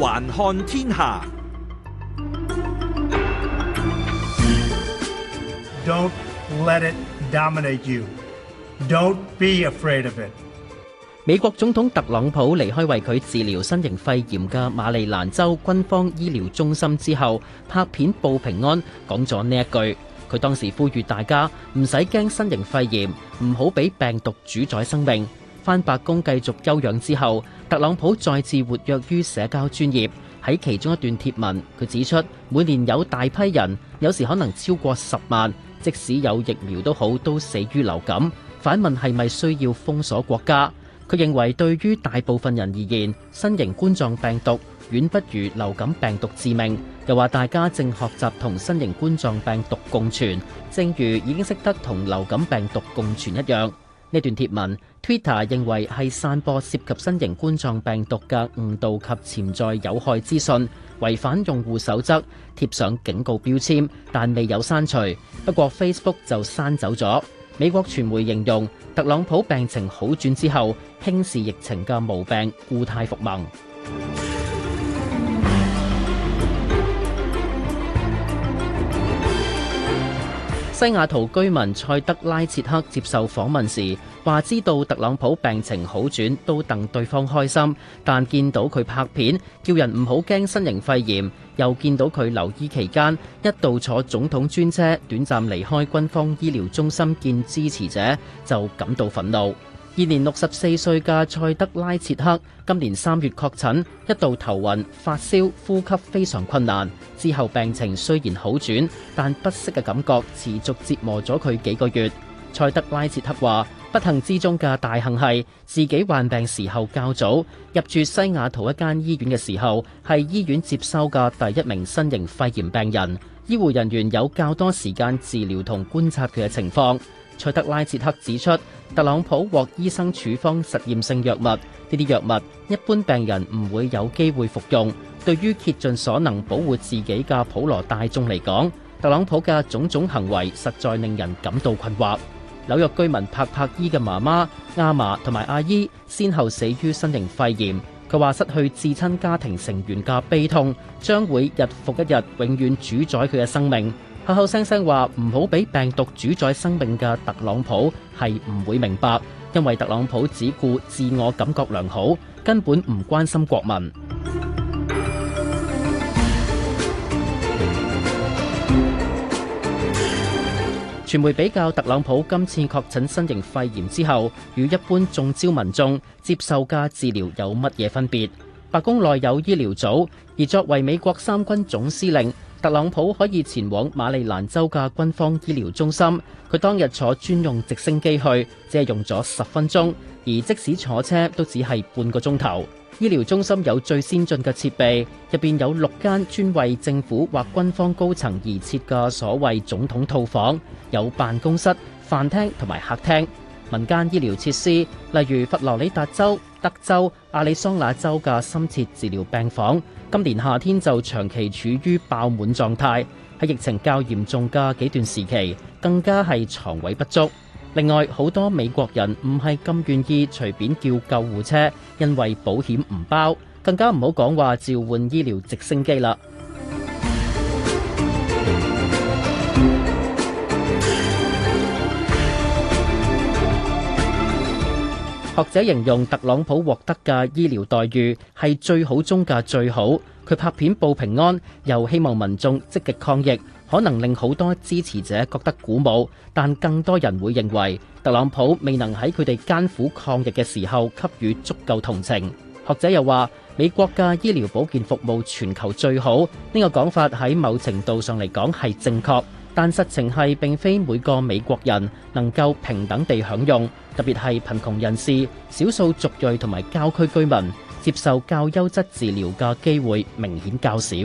環看天下。Don't let it dominate you. Don't be afraid of it. 美國總統特朗普離開為佢治療新型肺炎嘅馬利蘭州軍方醫療中心之後，拍片報平安，講咗呢一句。佢當時呼籲大家唔使驚新型肺炎，唔好俾病毒主宰生命。返白宮繼續休養之後，特朗普再次活躍於社交專頁。喺其中一段貼文，佢指出每年有大批人，有時可能超過十萬，即使有疫苗都好，都死於流感。反問係咪需要封鎖國家？佢認為對於大部分人而言，新型冠狀病毒遠不如流感病毒致命。又話大家正學習同新型冠狀病毒共存，正如已經識得同流感病毒共存一樣。呢段貼文，Twitter 認為係散播涉及新型冠狀病毒嘅誤導及潛在有害資訊，違反用戶守則，貼上警告標籤，但未有刪除。不過 Facebook 就刪走咗。美國傳媒形容特朗普病情好轉之後，輕視疫情嘅毛病，故態復萌。西雅圖居民塞德拉切克接受訪問時話：知道特朗普病情好轉都戥對方開心，但見到佢拍片叫人唔好驚新型肺炎，又見到佢留醫期間一度坐總統專車，短暫離開軍方醫療中心見支持者，就感到憤怒。現年六十四歲嘅塞德拉切克今年三月確診，一度頭暈、發燒、呼吸非常困難。之後病情雖然好轉，但不適嘅感覺持續折磨咗佢幾個月。塞德拉切克話：不幸之中嘅大幸係自己患病時候較早，入住西雅圖一間醫院嘅時候係醫院接收嘅第一名新型肺炎病人，醫護人員有較多時間治療同觀察佢嘅情況。蔡德拉切克指出，特朗普獲醫生處方實驗性藥物，呢啲藥物一般病人唔會有機會服用。對於竭盡所能保護自己嘅普羅大眾嚟講，特朗普嘅種種行為實在令人感到困惑。紐約居民帕帕伊嘅媽媽、阿嫲同埋阿姨先後死於新型肺炎，佢話失去至親家庭成員嘅悲痛將會日復一日，永遠主宰佢嘅生命。口口聲聲話唔好俾病毒主宰生命嘅特朗普係唔會明白，因為特朗普只顧自我感覺良好，根本唔關心國民。傳媒比較特朗普今次確診新型肺炎之後，與一般中招民眾接受嘅治療有乜嘢分別？白宮內有醫療組，而作為美國三軍總司令。特朗普可以前往馬里蘭州嘅軍方醫療中心，佢當日坐專用直升機去，只係用咗十分鐘，而即使坐車都只係半個鐘頭。醫療中心有最先進嘅設備，入邊有六間專為政府或軍方高層而設嘅所謂總統套房，有辦公室、飯廳同埋客廳。民間醫療設施，例如佛羅里達州。德州、阿里桑那州嘅深切治療病房，今年夏天就長期處於爆滿狀態，喺疫情較嚴重嘅幾段時期，更加係床位不足。另外，好多美國人唔係咁願意隨便叫救護車，因為保險唔包，更加唔好講話召喚醫療直升機啦。學者形容特朗普獲得嘅醫療待遇係最好中嘅最好，佢拍片報平安，又希望民眾積極抗疫，可能令好多支持者覺得鼓舞，但更多人會認為特朗普未能喺佢哋艱苦抗疫嘅時候給予足夠同情。學者又話，美國嘅醫療保健服務全球最好，呢個講法喺某程度上嚟講係正確。但實情係並非每個美國人能夠平等地享用，特別係貧窮人士、少數族裔同埋郊區居民接受較優質治療嘅機會明顯較少。